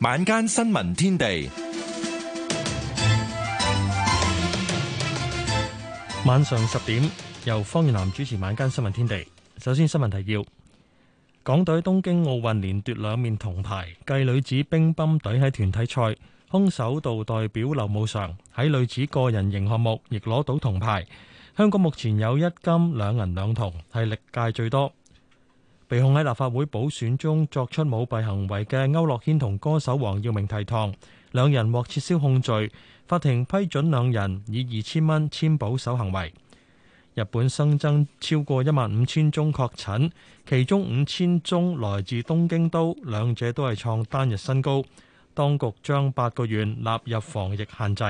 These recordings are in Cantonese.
晚間新聞天地，晚上十點由方月南主持晚間新聞天地。首先新聞提要：港隊東京奧運連奪兩面銅牌，繼女子乒乓隊喺團體賽，空手道代表劉慕裳喺女子個人型項目亦攞到銅牌。香港目前有一金兩銀兩銅，係歷屆最多。被控喺立法會補選中作出舞弊行為嘅區諾軒同歌手黃耀明提堂，兩人獲撤銷控罪。法庭批准兩人以二千蚊簽保守行為。日本新增超過一萬五千宗確診，其中五千宗來自東京都，兩者都係創單日新高。當局將八個縣納入防疫限制。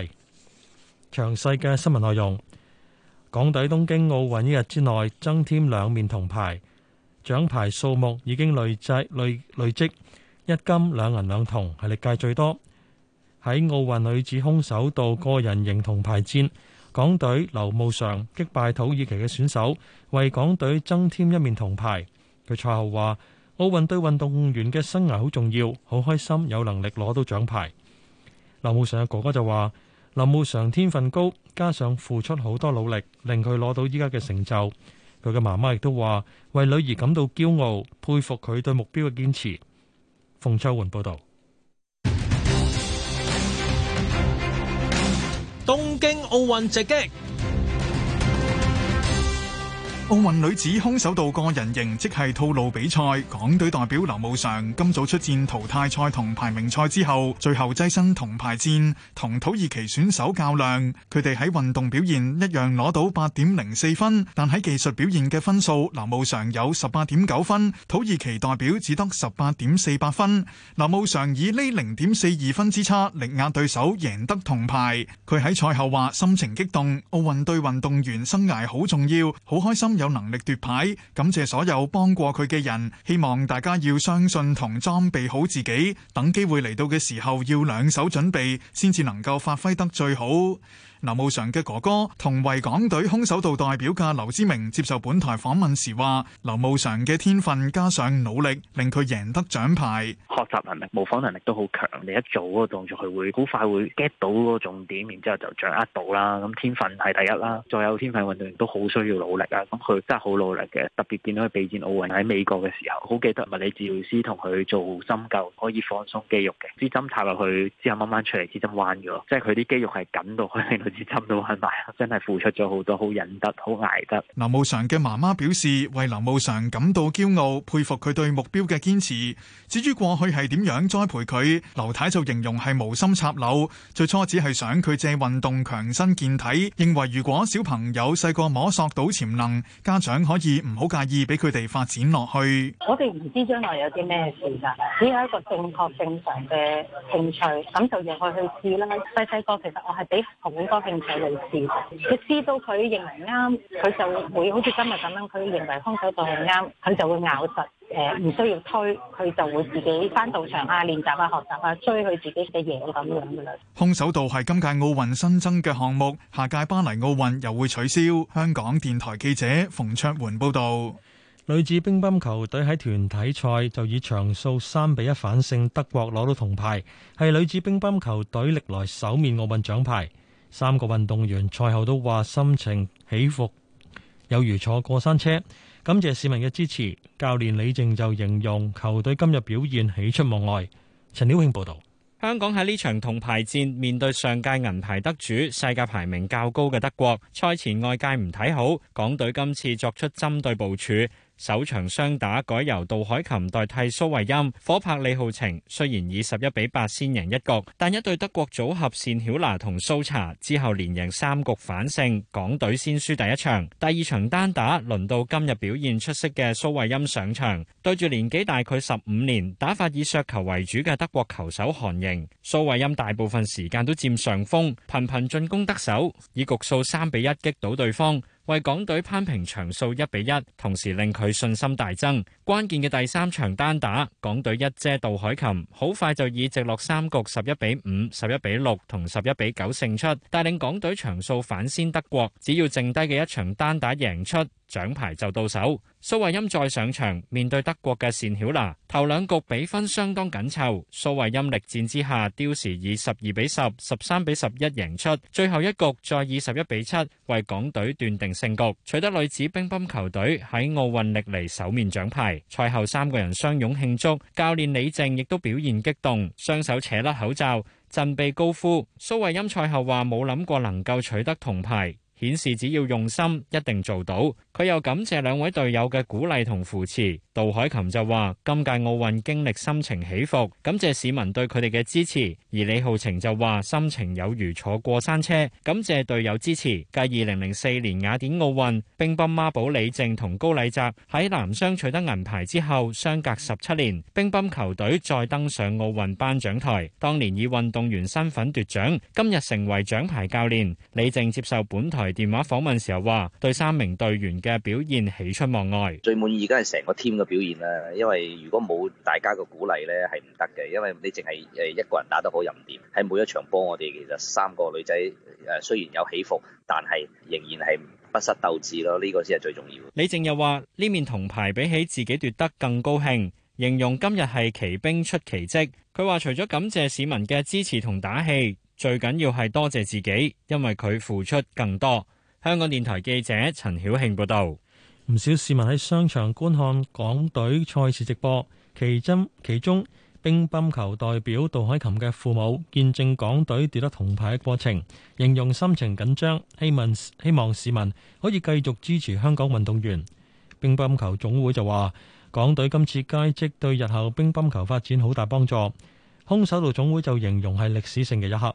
詳細嘅新聞內容，港底東京奧運一日之內增添兩面銅牌。獎牌數目已經累積累累積一金兩銀兩銅係歷屆最多。喺奧運女子空手道個人形銅牌戰，港隊劉慕裳擊敗土耳其嘅選手，為港隊增添一面銅牌。佢賽後話：奧運對運動員嘅生涯好重要，好開心有能力攞到獎牌。劉慕裳嘅哥哥就話：劉慕裳天分高，加上付出好多努力，令佢攞到依家嘅成就。佢嘅媽媽亦都話：為女兒感到驕傲，佩服佢對目標嘅堅持。鳳秋雲報導。東京奧運直擊。奧運女子空手道個人型即係套路比賽，港隊代表劉慕常今早出戰淘汰賽同排名賽之後，最後躋身銅牌戰同土耳其選手較量。佢哋喺運動表現一樣攞到八點零四分，但喺技術表現嘅分數，劉慕常有十八點九分，土耳其代表只得十八點四八分。劉慕常以呢零點四二分之差力壓對手，贏得銅牌。佢喺賽後話心情激動，奧運對運動員生涯好重要，好開心。有能力奪牌，感謝所有幫過佢嘅人，希望大家要相信同裝備好自己，等機會嚟到嘅時候，要兩手準備，先至能夠發揮得最好。劉慕常嘅哥哥同為港隊空手道代表嘅劉之明接受本台訪問時話，劉慕常嘅天分加上努力，令佢贏得獎牌。學習能力、模仿能力都好強，你一做嗰個動作，佢會好快會 get 到嗰個重點，然之後就掌握到啦。咁天分係第一啦，再有天分運動員都好需要努力啊。咁佢真係好努力嘅，特別見到佢備戰奧運喺美國嘅時候，好記得物理治療師同佢做針灸，可以放鬆肌肉嘅。支針插落去之後，掹返出嚟，支針彎咗，即係佢啲肌肉係緊到可令到。冇到係咪真係付出咗好多，好忍得好挨得。劉慕常嘅媽媽表示，為劉慕常感到驕傲，佩服佢對目標嘅堅持。至於過去係點樣栽培佢，劉太就形容係無心插柳。最初只係想佢借運動強身健體，認為如果小朋友細個摸索到潛能，家長可以唔好介意俾佢哋發展落去。我哋唔知將來有啲咩事噶，只有一個正確正常嘅興趣，咁就讓佢去試啦。細細個其實我係俾好多。多興趣類事，佢知道佢認為啱，佢就會好似今日咁樣。佢認為空手道係啱，佢就會咬實誒，唔需要推，佢就會自己返道場啊、練習啊、學習啊，追佢自己嘅嘢咁樣噶啦。空手道係今屆奧運新增嘅項目，下屆巴黎奧運又會取消。香港電台記者馮卓媛報導。女子乒乓球隊喺團體賽就以場數三比一反勝德國攞到銅牌，係女子乒乓球隊歷來首面奧運獎牌。三個運動員賽後都話心情起伏，有如坐過山車。感謝市民嘅支持。教練李靜就形容球隊今日表現喜出望外。陳了慶報道：「香港喺呢場銅牌戰面對上屆銀牌得主、世界排名較高嘅德國，賽前外界唔睇好港隊，今次作出針對部署。首場雙打改由杜海琴代替蘇慧音，伙拍李浩晴。雖然以十一比八先贏一局，但一對德國組合單曉娜同蘇茶之後連贏三局反勝，港隊先輸第一場。第二場單打輪到今日表現出色嘅蘇慧音上場，對住年紀大概十五年、打法以削球為主嘅德國球手韓瑩。蘇慧音大部分時間都佔上風，頻頻進攻得手，以局數三比一擊倒對方。為港隊攀平場數一比一，同時令佢信心大增。關鍵嘅第三場單打，港隊一姐杜海琴好快就以直落三局十一比五、十一比六同十一比九勝出，帶領港隊場數反先德國。只要剩低嘅一場單打贏出，獎牌就到手。蘇慧音再上場，面對德國嘅單曉娜，頭兩局比分相當緊湊，蘇慧音力戰之下，刁時以十二比十、十三比十一贏出，最後一局再以十一比七為港隊斷定勝局，取得女子乒乓球隊喺奧運歷來首面獎牌。賽後三個人相擁慶祝，教練李靜亦都表現激動，雙手扯甩口罩，振臂高呼。蘇慧音賽後話冇諗過能夠取得銅牌。顯示只要用心一定做到。佢又感謝兩位隊友嘅鼓勵同扶持。杜凱琴就話：今屆奧運經歷心情起伏，感謝市民對佢哋嘅支持。而李皓晴就話：心情有如坐過山車，感謝隊友支持。繼二零零四年雅典奧運乒乓孖寶李靜同高禮澤喺男雙取得銀牌之後，相隔十七年，乒乓球隊再登上奧運頒獎台。當年以運動員身份奪獎，今日成為獎牌教練。李靜接受本台。電話訪問時候話，對三名隊員嘅表現喜出望外，最滿意梗係成個 team 嘅表現啦。因為如果冇大家嘅鼓勵咧，係唔得嘅。因為你淨係誒一個人打得好又唔掂。喺每一場波，我哋其實三個女仔誒，雖然有起伏，但係仍然係不失鬥志咯。呢個先係最重要。李靜又話：呢面銅牌比起自己奪得更高興，形容今日係奇兵出奇跡。佢話除咗感謝市民嘅支持同打氣。最緊要係多謝自己，因為佢付出更多。香港電台記者陳曉慶報道，唔少市民喺商場觀看港隊賽事直播。其中，其中乒乓球代表杜凱琹嘅父母見證港隊奪得銅牌嘅過程，形容心情緊張，希望希望市民可以繼續支持香港運動員。乒乓球總會就話，港隊今次佳績對日後乒乓球發展好大幫助。空手道總會就形容係歷史性嘅一刻。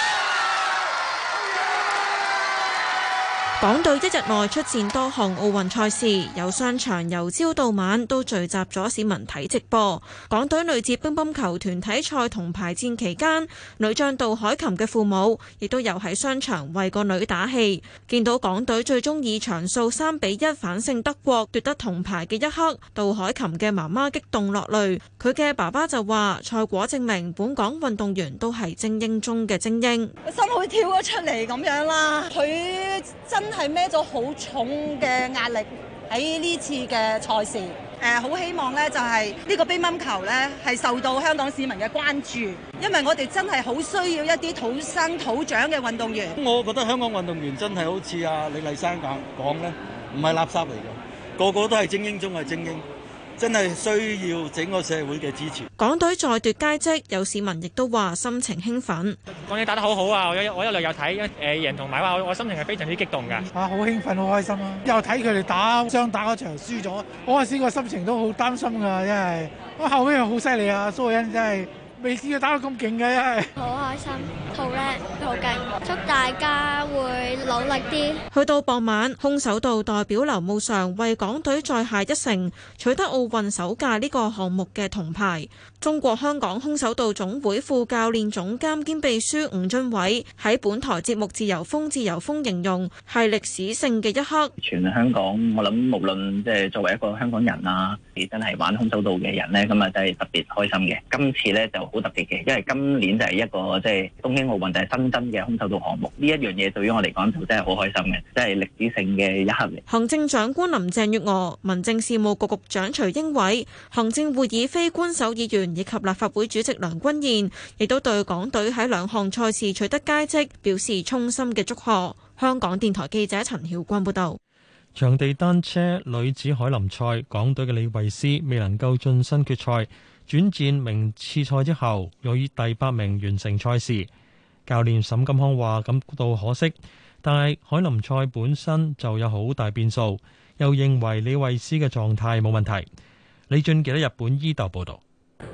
港隊一日內出戰多項奧運賽事，有商場由朝到晚都聚集咗市民睇直播。港隊女子乒乓球團體賽銅牌戰期間，女將杜海琴嘅父母亦都有喺商場為個女打氣。見到港隊最終以場數三比一反勝德國奪得銅牌嘅一刻，杜海琴嘅媽媽激動落淚。佢嘅爸爸就話：賽果證明本港運動員都係精英中嘅精英，心好跳咗出嚟咁樣啦。佢真真係孭咗好重嘅壓力喺呢次嘅賽事，誒好、呃、希望呢就係、是、呢個乒乓球呢係受到香港市民嘅關注，因為我哋真係好需要一啲土生土長嘅運動員。我覺得香港運動員真係好似啊，李麗珊講講呢，唔係垃圾嚟嘅，個個都係精英中嘅精英。真係需要整個社會嘅支持。港隊再奪佳績，有市民亦都話心情興奮。港隊打得好好啊！我一我一路有睇，誒贏同埋話，我我心情係非常之激動㗎。嚇、啊，好興奮，好開心啊！又睇佢哋打，雙打嗰場輸咗，我嗰時個心情都好擔心㗎，因為我後尾又好犀利啊！所有人真係。未試過打到咁勁嘅，好開心，好叻，好勁！祝大家會努力啲。去到傍晚，空手道代表劉慕裳為港隊再下一城，取得奧運首屆呢個項目嘅銅牌。中國香港空手道總會副教練總監兼秘書吳俊偉喺本台節目《自由風》《自由風》形容係歷史性嘅一刻。全香港我諗無論即係作為一個香港人啊，亦真係玩空手道嘅人咧，咁啊真係特別開心嘅。今次呢就好特別嘅，因為今年就係一個即係東京奧運就係新增嘅空手道項目，呢一樣嘢對於我嚟講就真係好開心嘅，即係歷史性嘅一刻。行政長官林鄭月娥、民政事務局局長徐英偉、行政會議非官守議員。以及立法會主席梁君彥亦都對港隊喺兩項賽事取得佳績表示衷心嘅祝賀。香港電台記者陳曉軍報道。場地單車女子海林賽，港隊嘅李慧詩未能夠晉身決賽，轉戰名次賽之後，又以第八名完成賽事。教練沈金康話感到可惜，但係海林賽本身就有好大變數，又認為李慧詩嘅狀態冇問題。李俊傑喺日本伊豆報道。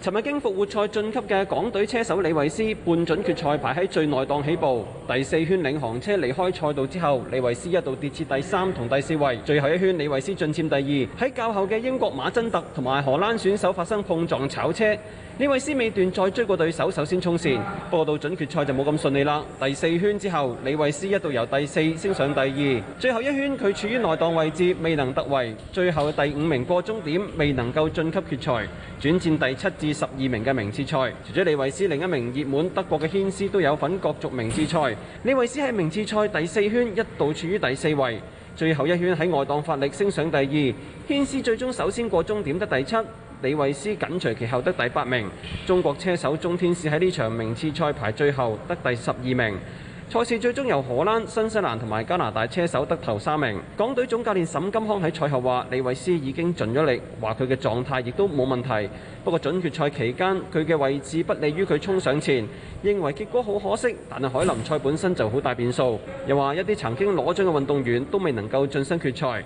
尋日經復活賽晉級嘅港隊車手李維斯半準決賽排喺最內檔起步，第四圈領航車離開賽道之後，李維斯一度跌至第三同第四位，最後一圈李維斯進占第二。喺較後嘅英國馬珍特同埋荷蘭選手發生碰撞炒車。李維斯未斷再追過對手，首先衝線。不過到準決賽就冇咁順利啦。第四圈之後，李維斯一度由第四升上第二。最後一圈佢處於內檔位置，未能奪位，最後嘅第五名過終點，未能夠晉級決賽，轉戰第七至十二名嘅名次賽。除咗李維斯，另一名熱門德國嘅軒斯都有份角逐名次賽。李維斯喺名次賽第四圈一度處於第四位，最後一圈喺外檔發力升上第二。軒斯最終首先過終點得第七。李慧詩緊隨其後得第八名，中國車手鍾天使喺呢場名次賽排最後得第十二名。賽事最終由荷蘭、新西蘭同埋加拿大車手得頭三名。港隊總教練沈金康喺賽後話：李慧詩已經盡咗力，話佢嘅狀態亦都冇問題。不過準決賽期間佢嘅位置不利於佢衝上前，認為結果好可惜。但係凱林賽本身就好大變數，又話一啲曾經攞獎嘅運動員都未能夠晉身決賽。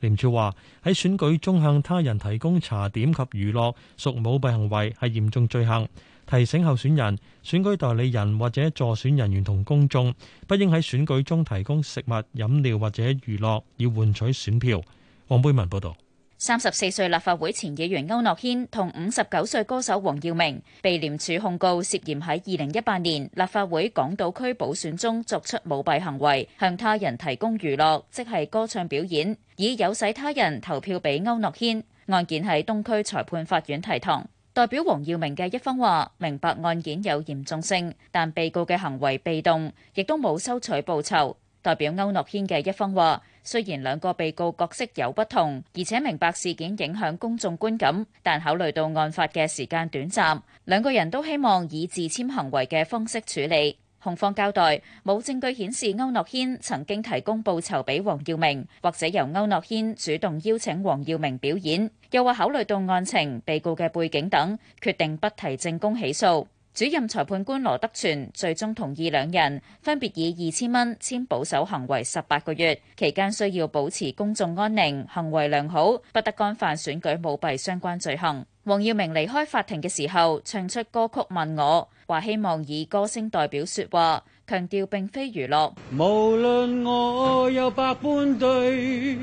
廉署話：喺選舉中向他人提供茶點及娛樂屬舞弊行為，係嚴重罪行。提醒候選人、選舉代理人或者助選人員同公眾，不應喺選舉中提供食物、飲料或者娛樂以換取選票。王貝文報導。三十四歲立法會前議員區諾軒同五十九歲歌手黃耀明被廉署控告涉嫌喺二零一八年立法會港島區補選中作出舞弊行為，向他人提供娛樂，即係歌唱表演，以誘使他人投票俾區諾軒。案件喺東區裁判法院提堂。代表黃耀明嘅一方話：明白案件有嚴重性，但被告嘅行為被動，亦都冇收取報酬。代表區諾軒嘅一方話。雖然兩個被告角色有不同，而且明白事件影響公眾觀感，但考慮到案發嘅時間短暫，兩個人都希望以自簽行為嘅方式處理。控方交代，冇證據顯示歐諾軒曾經提供報酬俾黃耀明，或者由歐諾軒主動邀請黃耀明表演，又話考慮到案情、被告嘅背景等，決定不提證供起訴。主任裁判官羅德全最終同意兩人分別以二千蚊簽保守行為十八個月，期間需要保持公眾安寧，行為良好，不得干犯選舉舞弊相關罪行。黃耀明離開法庭嘅時候唱出歌曲問我，話希望以歌聲代表說話，強調並非娛樂。無論我有百般對，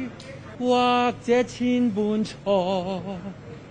或者千般錯。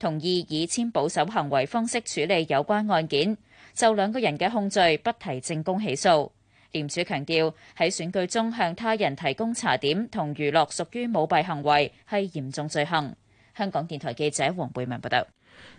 同意以簽保守行為方式處理有關案件，就兩個人嘅控罪不提證供起訴。廉署強調喺選舉中向他人提供茶點同娛樂屬於舞弊行為，係嚴重罪行。香港電台記者黃貝文報道。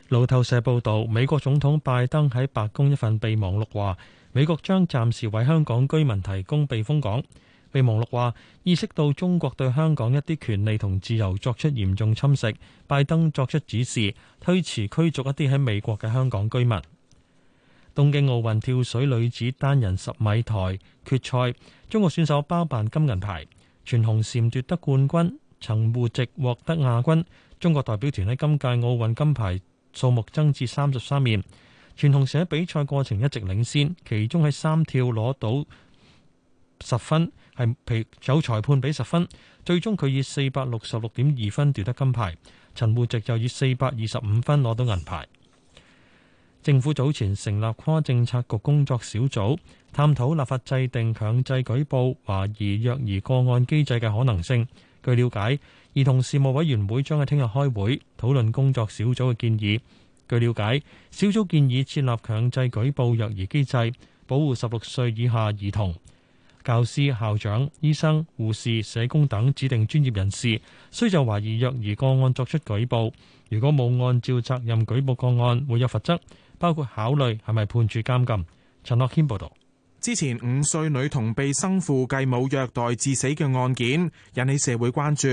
路透社報道，美國總統拜登喺白宮一份備忘錄話，美國將暫時為香港居民提供避風港。備忘錄話，意識到中國對香港一啲權利同自由作出嚴重侵蝕，拜登作出指示，推遲驅逐一啲喺美國嘅香港居民。東京奧運跳水女子單人十米台決賽，中國選手包辦金銀牌，全紅嬋奪得冠軍，曾芋汐獲得亞軍。中國代表團喺今屆奧運金牌數目增至三十三面。全紅嬋喺比賽過程一直領先，其中喺三跳攞到十分。係譬如走裁判俾十分，最終佢以四百六十六點二分奪得金牌。陳浩植就以四百二十五分攞到銀牌。政府早前成立跨政策局工作小組，探討立法制定強制舉報懷疑虐兒個案機制嘅可能性。據了解，兒童事務委員會將喺聽日開會討論工作小組嘅建議。據了解，小組建議設立強制舉報虐兒機制，保護十六歲以下兒童。教師、校長、醫生、護士、社工等指定專業人士，須就懷疑虐兒個案作出舉報。如果冇按照責任舉報個案，會有罰則，包括考慮係咪判處監禁。陳樂軒報導，之前五歲女童被生父繼母虐待致死嘅案件，引起社會關注，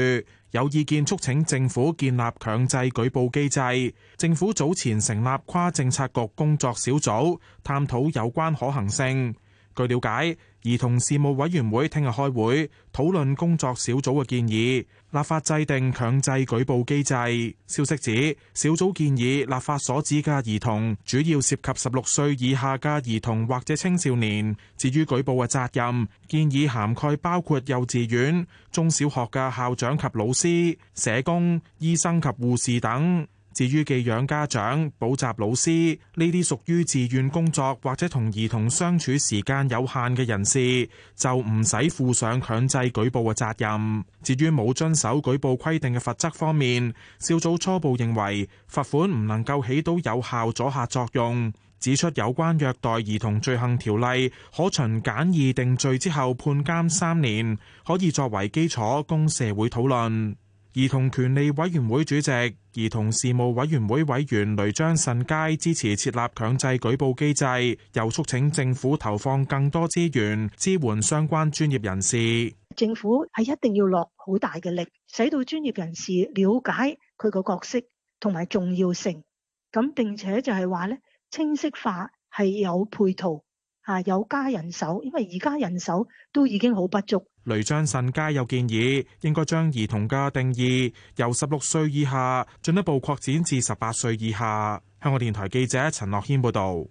有意見促請政府建立強制舉報機制。政府早前成立跨政策局工作小組，探討有關可行性。據了解，兒童事務委員會聽日開會，討論工作小組嘅建議，立法制定強制舉報機制。消息指，小組建議立法所指嘅兒童主要涉及十六歲以下嘅兒童或者青少年。至於舉報嘅責任，建議涵蓋包括幼稚園、中小學嘅校長及老師、社工、醫生及護士等。至於寄養家長、補習老師呢啲屬於自願工作或者同兒童相處時間有限嘅人士，就唔使負上強制舉報嘅責任。至於冇遵守舉報規定嘅罰則方面，小組初步認為罰款唔能夠起到有效阻嚇作用，指出有關虐待兒童罪行條例可循簡易定罪之後判監三年，可以作為基礎供社會討論。兒童權利委員會主席。兒童事務委員會委員雷張慎佳支持設立強制舉報機制，又促請政府投放更多資源支援相關專業人士。政府係一定要落好大嘅力，使到專業人士了解佢個角色同埋重要性。咁並且就係話咧，清晰化係有配套嚇，有加人手，因為而家人手都已經好不足。雷張慎佳有建議，應該將兒童嘅定義由十六歲以下進一步擴展至十八歲以下。香港電台記者陳樂軒報道，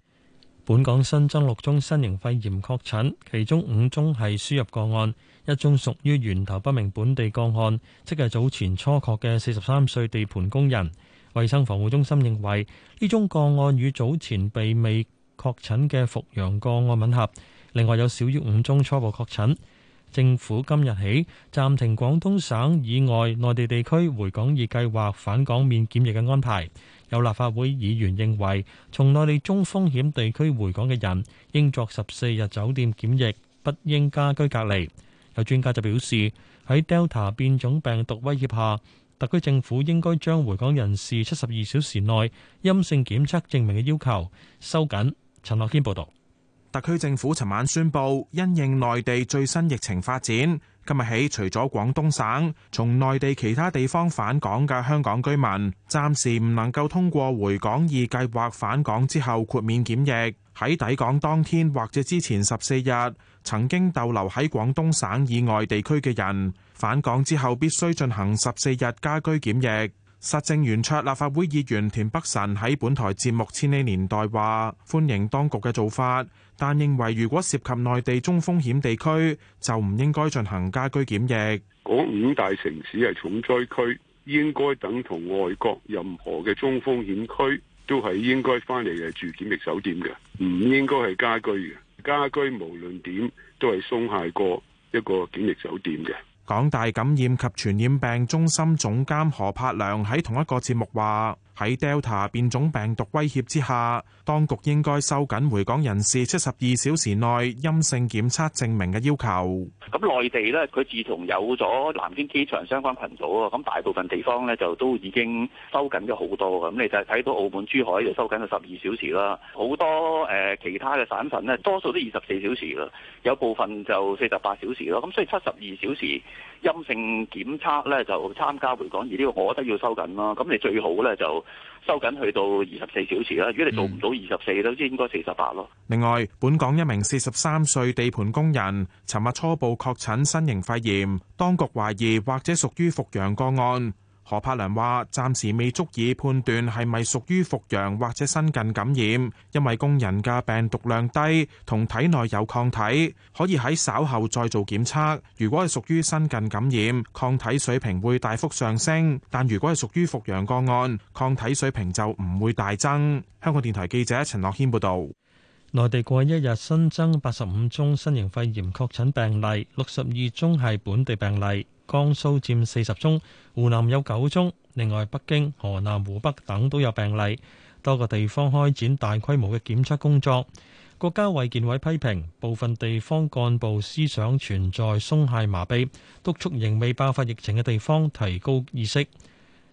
本港新增六宗新型肺炎確診，其中五宗係輸入個案，一宗屬於源頭不明本地個案，即係早前初確嘅四十三歲地盤工人。衛生防護中心認為呢宗個案與早前被未確診嘅復陽個案吻合，另外有少於五宗初步確診。政府今日起暫停廣東省以外內地地區回港易計劃返港免檢疫嘅安排。有立法會議員認為，從內地中風險地區回港嘅人應作十四日酒店檢疫，不應家居隔離。有專家就表示，喺 Delta 變種病毒威脅下，特區政府應該將回港人士七十二小時內陰性檢測證明嘅要求收緊。陳樂軒報導。特區政府尋晚宣布，因應內地最新疫情發展，今日起除咗廣東省從內地其他地方返港嘅香港居民，暫時唔能夠通過回港易計劃返港之後豁免檢疫。喺抵港當天或者之前十四日曾經逗留喺廣東省以外地區嘅人，返港之後必須進行十四日家居檢疫。實政圓桌立法會議員田北辰喺本台節目《千禧年代》話：歡迎當局嘅做法，但認為如果涉及內地中風險地區，就唔應該進行家居檢疫。嗰五大城市係重災區，應該等同外國任何嘅中風險區，都係應該翻嚟係住檢疫酒店嘅，唔應該係家居嘅。家居無論點都係鬆懈過一個檢疫酒店嘅。港大感染及傳染病中心總監何柏良喺同一個節目話。喺 Delta 變種病毒威脅之下，當局應該收緊回港人士七十二小時內陰性檢測證明嘅要求。咁內地咧，佢自從有咗南京機場相關群組啊，咁大部分地方咧就都已經收緊咗好多。咁你就睇到澳門、珠海就收緊咗十二小時啦，好多誒、呃、其他嘅省份咧，多數都二十四小時啦，有部分就四十八小時咯。咁所以七十二小時。陰性檢測咧就參加回港，而呢個我覺得要收緊咯。咁你最好咧就收緊去到二十四小時啦。如果你做唔到二十四，都知應該四十八咯。另外，本港一名四十三歲地盤工人尋日初步確診新型肺炎，當局懷疑或者屬於復陽個案。何柏良話：暫時未足以判斷係咪屬於復陽或者新近感染，因為工人嘅病毒量低，同體內有抗體，可以喺稍後再做檢測。如果係屬於新近感染，抗體水平會大幅上升；但如果係屬於復陽個案，抗體水平就唔會大增。香港電台記者陳樂軒報導。內地過一日新增八十五宗新型肺炎確診病例，六十二宗係本地病例。江蘇佔四十宗，湖南有九宗，另外北京、河南、湖北等都有病例，多個地方開展大規模嘅檢測工作。國家衛健委批評部分地方幹部思想存在鬆懈麻痹，督促仍未爆發疫情嘅地方提高意識。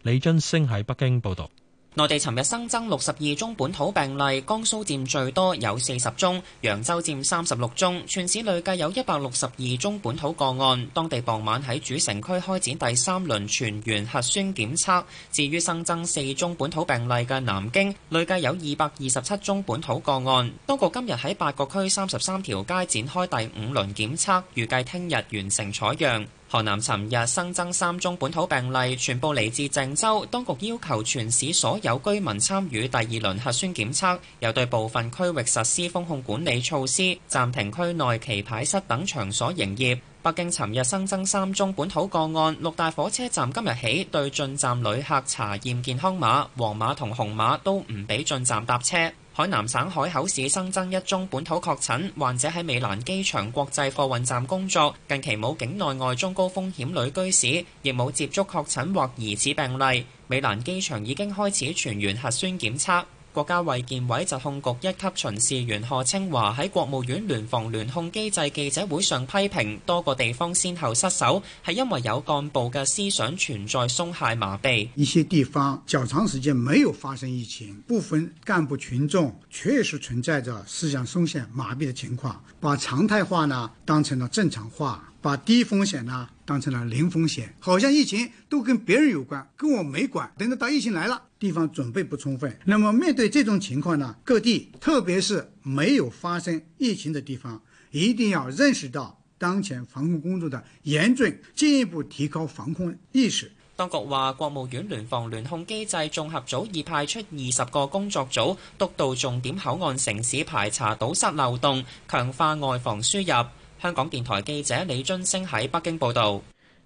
李津升喺北京報道。內地尋日新增六十二宗本土病例，江蘇佔最多，有四十宗，揚州佔三十六宗。全市累計有一百六十二宗本土個案。當地傍晚喺主城區開展第三輪全員核酸檢測。至於新增四宗本土病例嘅南京，累計有二百二十七宗本土個案。當局今日喺八個區三十三條街展開第五輪檢測，預計聽日完成採樣。河南尋日新增三宗本土病例，全部嚟自鄭州，當局要求全市所有居民參與第二輪核酸檢測，又對部分區域實施風控管理措施，暫停區內棋牌室等場所營業。北京尋日新增三宗本土個案，六大火車站今日起對進站旅客查驗健康碼，黃碼同紅碼都唔畀進站搭車。海南省海口市新增一宗本土確診患者，喺美蘭機場國際貨運站工作，近期冇境內外中高風險旅居史，亦冇接觸確診或疑似病例。美蘭機場已經開始全員核酸檢測。國家衛健委疾控局一級巡視員賀清華喺國務院聯防聯控機制記者會上批評多個地方先後失守，係因為有幹部嘅思想存在鬆懈麻痹。一些地方較長時間沒有發生疫情，部分幹部群眾確實存在着思想鬆懈麻痹的情況，把常態化呢當成了正常化，把低風險呢當成了零風險，好像疫情都跟別人有關，跟我沒關。等到到疫情來了。地方準備不充分，那麼面對這種情況呢？各地，特別是沒有發生疫情的地方，一定要認識到當前防控工作的嚴峻，進一步提高防控意識。當局話國務院聯防聯控機制綜合組已派出二十個工作組督導重點口岸城市排查堵塞漏洞，強化外防輸入。香港電台記者李津星喺北京報道。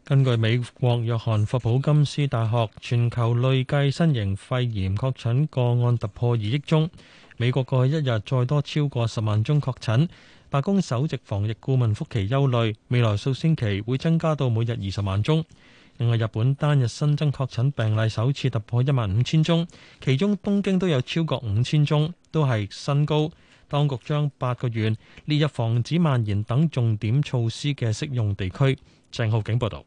根據美國約翰霍普金斯大學，全球累計新型肺炎確診個案突破二億宗，美國過去一日再多超過十萬宗確診。白宮首席防疫顧問福奇憂慮，未來數星期會增加到每日二十萬宗。另外，日本單日新增確診病例首次突破一萬五千宗，其中東京都有超過五千宗，都係新高。當局將八個縣列入防止蔓延等重點措施嘅適用地區。鄭浩景報道。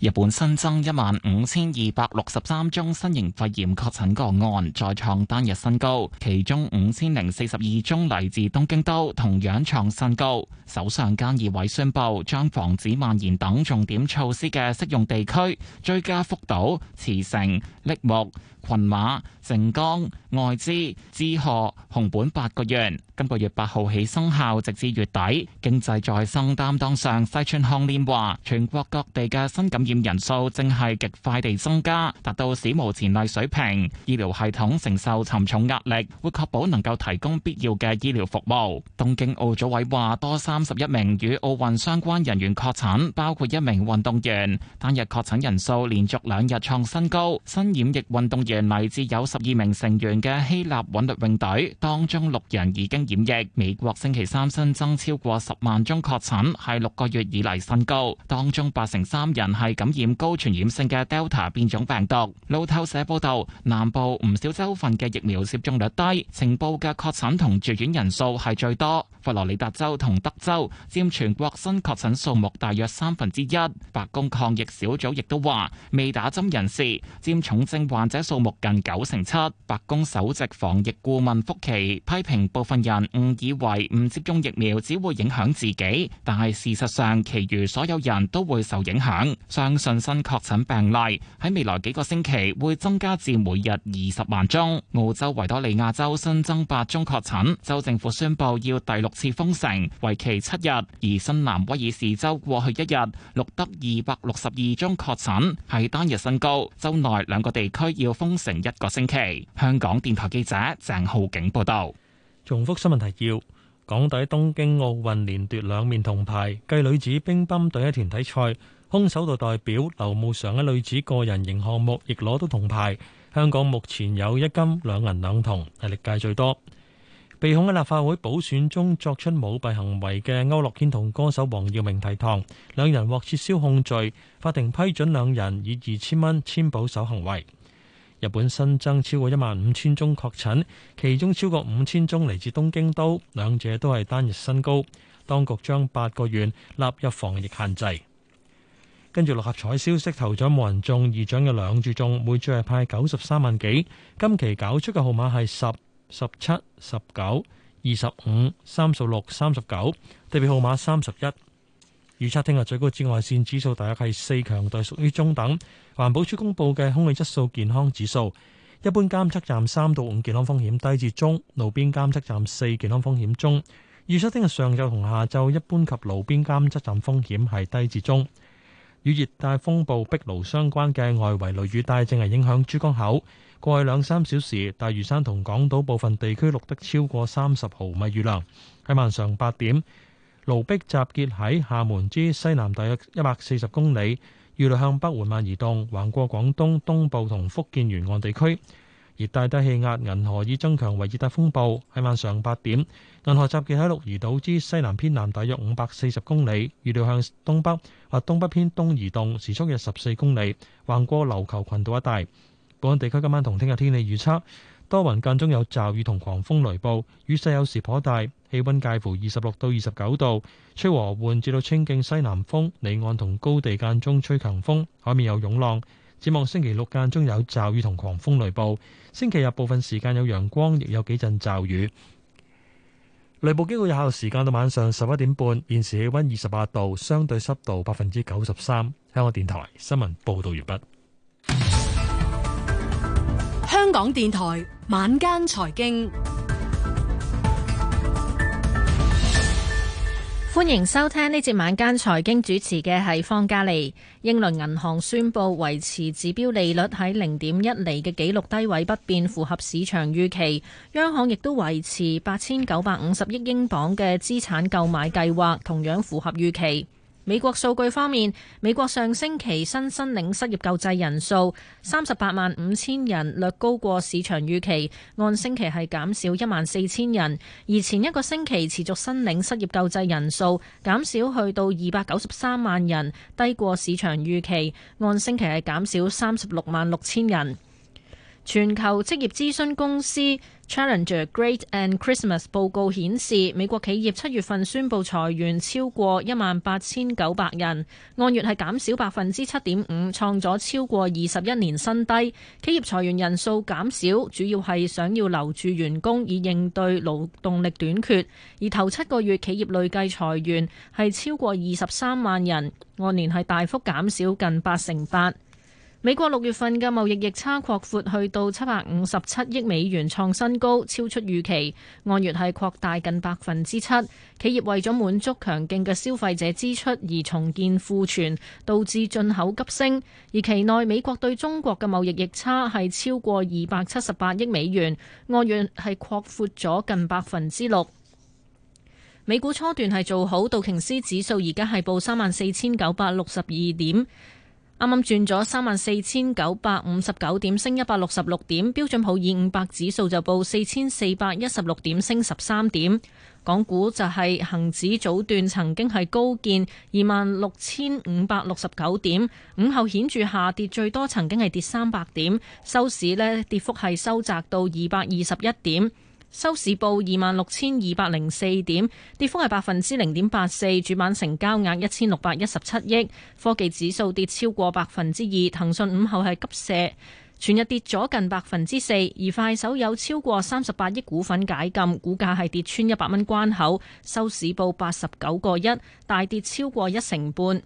日本新增一萬五千二百六十三宗新型肺炎確診個案，再創單日新高，其中五千零四十二宗嚟自東京都，同樣創新高。首相菅義偉宣布將防止蔓延等重點措施嘅適用地區追加福島、茨城、栃木、群馬、靜岡、愛知、滋賀、熊本八個縣。今個月八號起生效，直至月底，經濟再生擔當上西村康稔話，全國各地嘅新感染人數正係極快地增加，達到史無前例水平，醫療系統承受沉重壓力，會確保能夠提供必要嘅醫療服務。東京奧組委話，多三十一名與奧運相關人員確診，包括一名運動員，單日確診人數連續兩日創新高，新染疫運動員嚟自有十二名成員嘅希臘韻律泳隊，當中六人已經。染疫，美國星期三新增超過十萬宗確診，係六個月以嚟新高，當中八成三人係感染高傳染性嘅 Delta 變種病毒。路透社報導，南部唔少州份嘅疫苗接種率低，呈報嘅確診同住院人數係最多。佛羅里達州同德州佔全國新確診數目大約三分之一。白宮抗疫小組亦都話，未打針人士佔重症患者數目近九成七。白宮首席防疫顧問福奇批評部分人。人誤以為唔接種疫苗，只會影響自己，但係事實上，其餘所有人都會受影響。相信新確診病例喺未來幾個星期會增加至每日二十萬宗。澳洲維多利亞州新增八宗確診，州政府宣布要第六次封城，為期七日。而新南威爾士州過去一日錄得二百六十二宗確診，係單日新高。州內兩個地區要封城一個星期。香港電台記者鄭浩景報道。重複新聞提要：港隊東京奧運連奪兩面銅牌，繼女子乒乓隊喺團體賽，空手道代表劉慕裳喺女子個人型項目亦攞到銅牌。香港目前有一金兩銀兩銅，係歷屆最多。被控喺立法會補選中作出舞弊行為嘅區諾軒同歌手黃耀明提堂，兩人獲撤銷控罪，法庭批准兩人以二千蚊簽保守行為。日本新增超過一萬五千宗確診，其中超過五千宗嚟自東京都，兩者都係單日新高。當局將八個縣納入防疫限制。跟住六合彩消息，頭獎冇人中，二獎嘅兩注中，每注係派九十三萬幾。今期攪出嘅號碼係十、十七、十九、二十五、三十六、三十九，特別號碼三十一。預測聽日最高紫外線指數大概係四，強度屬於中等。環保署公佈嘅空氣質素健康指數，一般監測站三到五，健康風險低至中，路邊監測站四，健康風險中。預測聽日上晝同下晝一般及路邊監測站風險係低至中。與熱帶風暴盧碧相關嘅外圍雷雨帶正係影響珠江口，過去兩三小時大嶼山同港島部分地區錄得超過三十毫米雨量。喺晚上八點，盧碧集結喺廈門之西南大約一百四十公里。預料向北緩慢移動，橫過廣東東部同福建沿岸地區。熱帶低氣壓銀河已增強為熱帶風暴，喺晚上八點，銀河集結喺鹿兒島之西南偏南大約五百四十公里，預料向東北或東北偏東移動，時速約十四公里，橫過琉球群島一帶。本港地區今晚同聽日天氣預測多雲間中有驟雨同狂風雷暴，雨勢有時頗大。氣温介乎二十六到二十九度，吹和緩至到清勁西南風，離岸同高地間中吹強風，海面有湧浪。展望星期六間中有驟雨同狂風雷暴，星期日部分時間有陽光，亦有幾陣驟雨。雷暴警告有效時間到晚上十一點半。現時氣温二十八度，相對濕度百分之九十三。香港電台新聞報道完畢。香港電台晚間財經。歡迎收聽呢節晚間財經，主持嘅係方嘉利。英倫銀行宣布維持指標利率喺零點一厘嘅紀錄低位不變，符合市場預期。央行亦都維持八千九百五十億英鎊嘅資產購買計劃，同樣符合預期。美國數據方面，美國上星期新申領失業救濟人數三十八萬五千人，略高過市場預期，按星期係減少一萬四千人；而前一個星期持續申領失業救濟人數減少去到二百九十三萬人，低過市場預期，按星期係減少三十六萬六千人。全球職業諮詢公司 Challenger Great and Christmas 報告顯示，美國企業七月份宣佈裁員超過一萬八千九百人，按月係減少百分之七點五，創咗超過二十一年新低。企業裁員人數減少，主要係想要留住員工以應對勞動力短缺。而頭七個月企業累計裁，裁員係超過二十三萬人，按年係大幅減少近八成八。美國六月份嘅貿易逆差擴闊去到七百五十七億美元，創新高，超出預期。按月係擴大近百分之七。企業為咗滿足強勁嘅消費者支出而重建庫存，導致進口急升。而期內美國對中國嘅貿易逆差係超過二百七十八億美元，按月係擴闊咗近百分之六。美股初段係做好，道瓊斯指數而家係報三萬四千九百六十二點。啱啱轉咗三萬四千九百五十九點，升一百六十六點。標準普爾五百指數就報四千四百一十六點，升十三點。港股就係恒指早段曾經係高見二萬六千五百六十九點，午後顯著下跌，最多曾經係跌三百點，收市呢跌幅係收窄到二百二十一點。收市報二萬六千二百零四點，跌幅係百分之零點八四。主板成交額一千六百一十七億。科技指數跌超過百分之二，騰訊午後係急瀉，全日跌咗近百分之四。而快手有超過三十八億股份解禁，股價係跌穿一百蚊關口，收市報八十九個一，大跌超過一成半。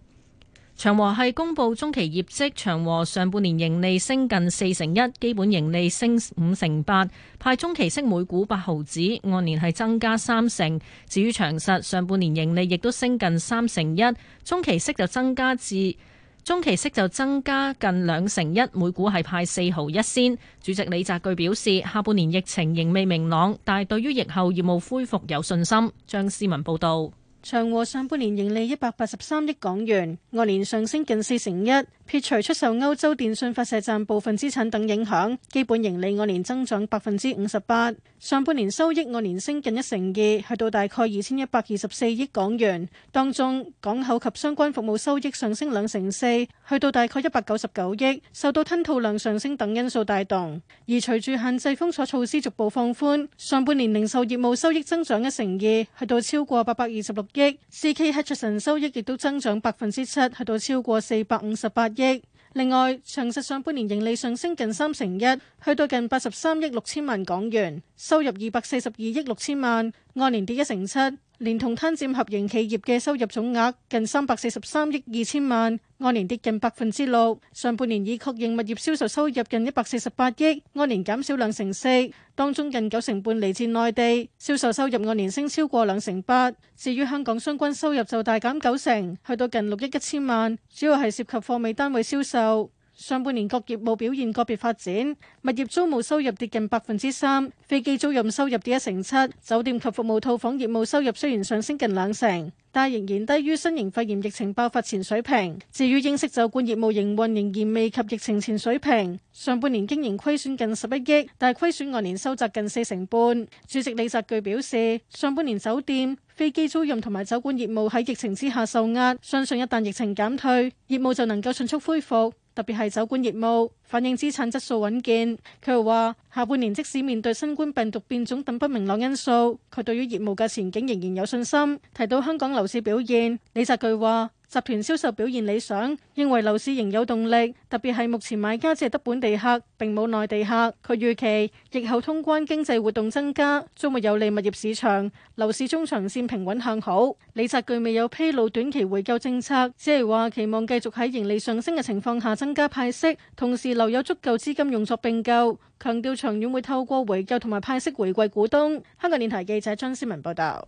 長和系公布中期業績，長和上半年盈利升近四成一，基本盈利升五成八，派中期息每股八毫紙，按年係增加三成。至於長實，上半年盈利亦都升近三成一，中期息就增加至中期息就增加近兩成一，每股係派四毫一仙。主席李澤钜表示，下半年疫情仍未明朗，但係對於疫後業務恢復有信心。張思文報道。長和上半年盈利一百八十三億港元，按年上升近四成一。撇除出售歐洲電訊發射站部分資產等影響，基本盈利按年增長百分之五十八。上半年收益按年升近一成二，去到大概二千一百二十四億港元。當中港口及相關服務收益上升兩成四，去到大概一百九十九億，受到吞吐量上升等因素帶動，而隨住限制封鎖措施逐步放寬，上半年零售業務收益增長一成二，去到超過八百二十六億，CK Hutchison 收益亦都增長百分之七，去到超過四百五十八億。億，另外，長實上半年盈利上升近三成一，去到近八十三億六千萬港元，收入二百四十二億六千萬，按年跌一成七。連同攤佔合營企業嘅收入總額近三百四十三億二千萬，按年跌近百分之六。上半年已確認物業銷售收入近一百四十八億，按年減少兩成四。當中近九成半嚟自內地，銷售收入按年升超過兩成八。至於香港相關收入就大減九成，去到近六億一千萬，主要係涉及貨尾單位銷售。上半年各業務表現個別發展，物業租務收入跌近百分之三，飛機租用收入跌一成七，酒店及服務套房業務收入雖然上升近兩成，但仍然低於新型肺炎疫情爆發前水平。至於英式酒館業務營運仍然未及疫情前水平。上半年經營虧損近十一億，但虧損按年收窄近四成半。主席李澤钜表示，上半年酒店、飛機租用同埋酒館業務喺疫情之下受壓，相信一旦疫情減退，業務就能夠迅速恢復。特別係酒館業務反映資產質素穩健。佢又話：下半年即使面對新冠病毒變種等不明朗因素，佢對於業務嘅前景仍然有信心。提到香港樓市表現，李澤鉅話。集團銷售表現理想，認為樓市仍有動力，特別係目前買家只係得本地客，並冇內地客。佢預期疫後通關經濟活動增加，將會有利物業市場，樓市中長線平穩向好。李澤鉅未有披露短期回購政策，只係話期望繼續喺盈利上升嘅情況下增加派息，同時留有足夠資金用作並購，強調長遠會透過回購同埋派息回饋股東。香港電台記者張思文報道。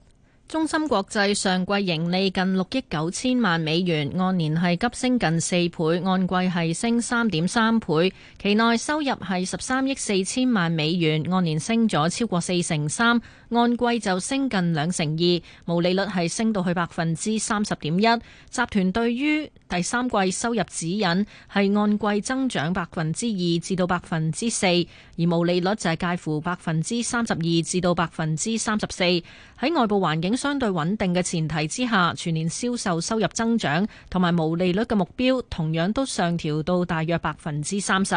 中芯國際上季盈利近六億九千萬美元，按年係急升近四倍，按季係升三點三倍。期內收入係十三億四千萬美元，按年升咗超過四成三。按季就升近兩成二，毛利率係升到去百分之三十點一。集團對於第三季收入指引係按季增長百分之二至到百分之四，而毛利率就係介乎百分之三十二至到百分之三十四。喺外部環境相對穩定嘅前提之下，全年銷售收入增長同埋毛利率嘅目標同樣都上調到大約百分之三十。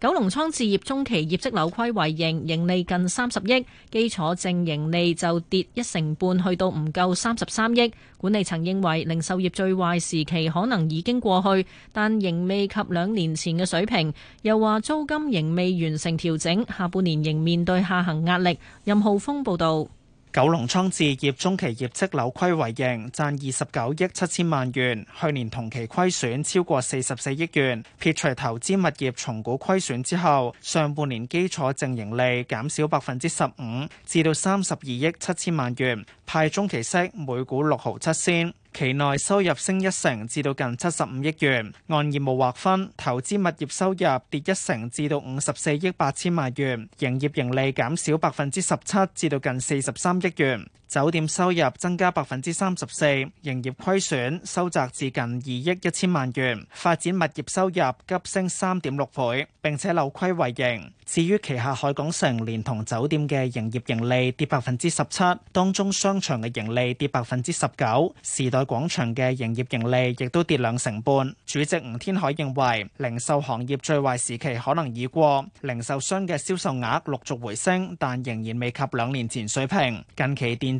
九龍倉置業中期業績扭虧為盈，盈利近三十億，基礎淨盈利就跌一成半，去到唔夠三十三億。管理層認為零售業最壞時期可能已經過去，但仍未及兩年前嘅水平。又話租金仍未完成調整，下半年仍面對下行壓力。任浩峰報道。九龍倉置業中期業績扭虧為盈，賺二十九億七千萬元，去年同期虧損超過四十四億元。撇除投資物業重估虧損之後，上半年基礎淨盈利減少百分之十五，至到三十二億七千萬元，派中期息每股六毫七仙。期內收入升一成，至到近七十五億元。按業務劃分，投資物業收入跌一成，至到五十四億八千萬元。營業盈利減少百分之十七，至到近四十三億元。酒店收入增加百分之三十四，營業虧損收窄至近二億一千萬元。發展物業收入急升三點六倍，並且扭虧為盈。至於旗下海港城連同酒店嘅營業盈利跌百分之十七，當中商場嘅盈利跌百分之十九。時代廣場嘅營業盈利亦都跌兩成半。主席吳天海認為，零售行業最壞時期可能已過，零售商嘅銷售額陸續回升，但仍然未及兩年前水平。近期電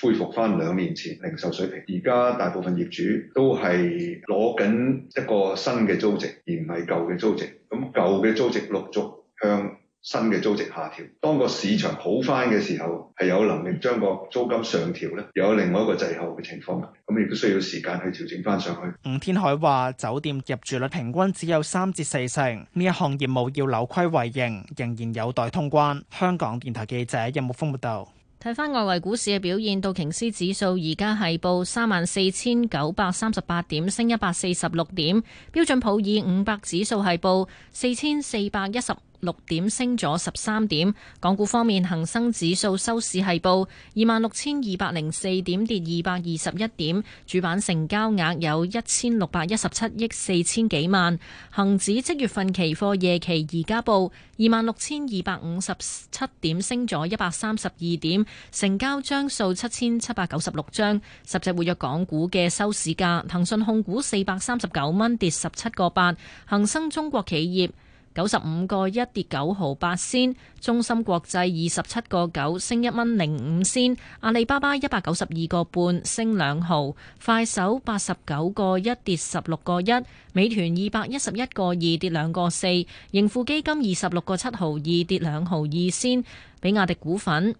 恢復翻兩年前零售水平，而家大部分業主都係攞緊一個新嘅租值，而唔係舊嘅租值。咁舊嘅租值陸續向新嘅租值下調。當個市場好翻嘅時候，係有能力將個租金上調咧，又有另外一個滯後嘅情況。咁亦都需要時間去調整翻上去。吳天海話：酒店入住率平均只有三至四成，呢一項業務要扭虧為盈，仍然有待通關。香港電台記者任木峯報道。睇翻外圍股市嘅表現，道瓊斯指數而家係報三萬四千九百三十八點，升一百四十六點。標準普爾五百指數係報四千四百一十六點升咗十三點，港股方面，恒生指數收市係報二萬六千二百零四點，跌二百二十一點，主板成交額有一千六百一十七億四千幾萬。恒指即月份期貨夜期而家報二萬六千二百五十七點，升咗一百三十二點，成交張數七千七百九十六張。十隻活躍港股嘅收市價，騰訊控股四百三十九蚊，跌十七個八。恒生中國企業。九十五個一跌九毫八仙，中芯國際二十七個九升一蚊零五仙，阿里巴巴一百九十二個半升兩毫，快手八十九個一跌十六個一，美團二百一十一個二跌兩個四，盈富基金二十六個七毫二跌兩毫二仙，比亞迪股份。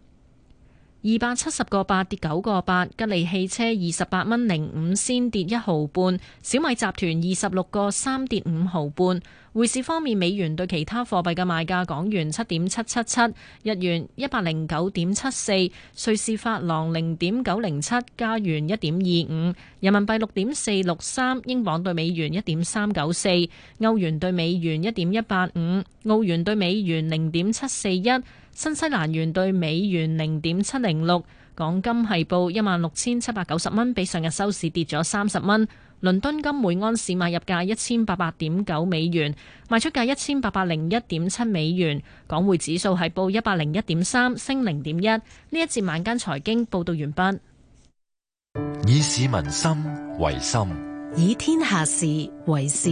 二百七十個八跌九個八，吉利汽車二十八蚊零五，先跌一毫半。小米集團二十六個三跌五毫半。匯市方面，美元對其他貨幣嘅賣價：港元七點七七七，日元一百零九點七四，瑞士法郎零點九零七，加元一點二五，人民幣六點四六三，英鎊對美元一點三九四，歐元對美元一點一八五，澳元對美元零點七四一。新西蘭元對美元零點七零六，港金係報一萬六千七百九十蚊，比上日收市跌咗三十蚊。倫敦金每安士買入價一千八百點九美元，賣出價一千八百零一點七美元。港匯指數係報一百零一點三，升零點一。呢一節晚間財經報道完畢。以市民心為心，以天下事為事。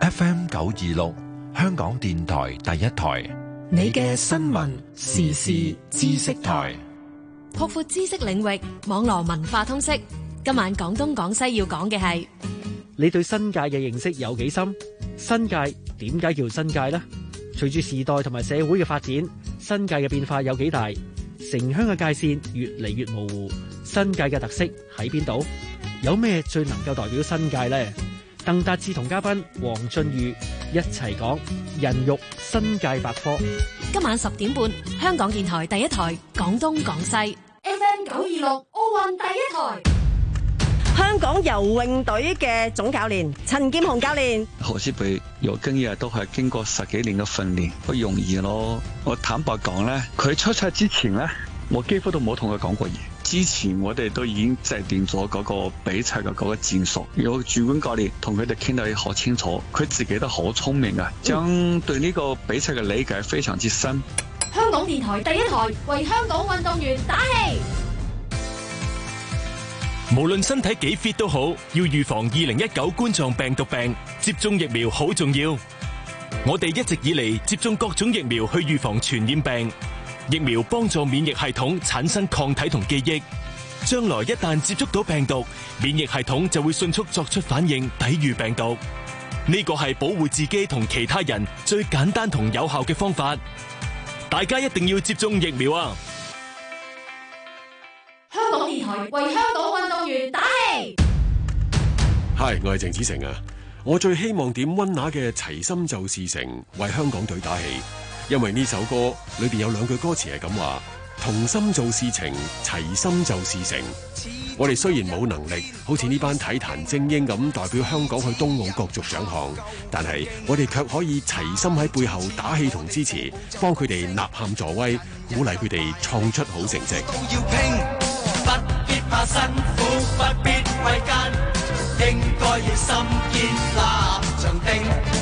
FM 九二六，香港電台第一台。你嘅新聞時事知識台，拓闊知識領域，網絡文化通識。今晚講東講西要講嘅係，你對新界嘅認識有幾深？新界點解叫新界呢？隨住時代同埋社會嘅發展，新界嘅變化有幾大？城鄉嘅界綫越嚟越模糊，新界嘅特色喺邊度？有咩最能夠代表新界呢？鄧達志同嘉賓黃俊宇一齊講人肉。新界百科。今晚十點半，香港電台第一台，廣東廣西 FM 九二六，奧運第一台。香港游泳隊嘅總教練陳劍雄教練，何思培，若今日都係經過十幾年嘅訓練，好容易咯。我坦白講咧，佢出賽之前咧，我幾乎都冇同佢講過嘢。之前我哋都已經制定咗嗰個比賽嘅嗰個戰術，有主管教練同佢哋傾得好清楚，佢自己都好聰明啊，將對呢個比賽嘅理解非常之深。嗯、香港電台第一台為香港運動員打氣。無論身體幾 fit 都好，要預防二零一九冠狀病毒病，接種疫苗好重要。我哋一直以嚟，接種各種疫苗去預防傳染病。疫苗幫助免疫系統產生抗體同記憶，將來一旦接觸到病毒，免疫系統就會迅速作出反應，抵禦病毒。呢個係保護自己同其他人最簡單同有效嘅方法。大家一定要接種疫苗啊！香港電台為香港運動員打氣。嗨，我係鄭子成啊，我最希望點溫雅嘅齊心就事成，為香港隊打氣。因為呢首歌裏邊有兩句歌詞係咁話：同心做事情，齊心就事成。我哋雖然冇能力，好似呢班體壇精英咁代表香港去東澳角逐獎項，但係我哋卻可以齊心喺背後打氣同支持，幫佢哋吶喊助威，鼓勵佢哋創出好成績。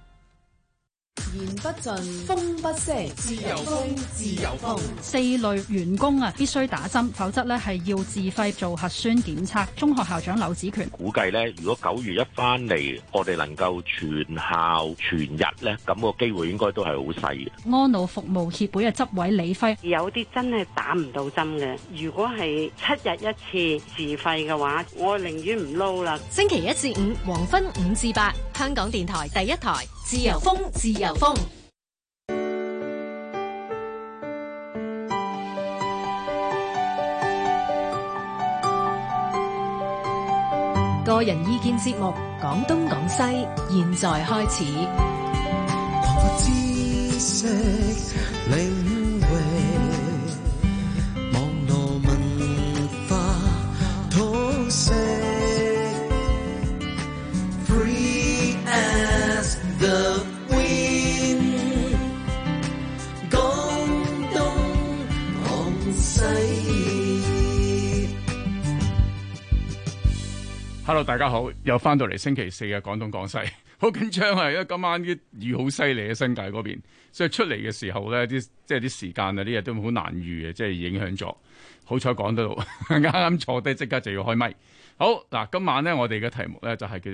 言不盡，風不息，自由風，自由風。自由風，四類員工啊，必須打針，否則咧係要自費做核酸檢測。中學校長柳子權估計咧，如果九月一翻嚟，我哋能夠全校全日咧，咁個機會應該都係好細嘅。安老服務協會嘅執委李輝，有啲真係打唔到針嘅。如果係七日一次自費嘅話，我寧願唔撈啦。星期一至五黃昏五至八，香港電台第一台。自由風，自由風。個人意見節目，講東講西，現在開始。Hello，大家好，又翻到嚟星期四嘅廣東廣西， 好緊張啊！因為今晚啲雨好犀利啊，新界嗰邊，所以出嚟嘅時候咧，啲即係啲時間啊，啲嘢都難、就是、好難預啊，即係影響咗。好彩講到啱啱坐低，即刻就要開麥。好嗱，今晚咧我哋嘅題目咧就係、是。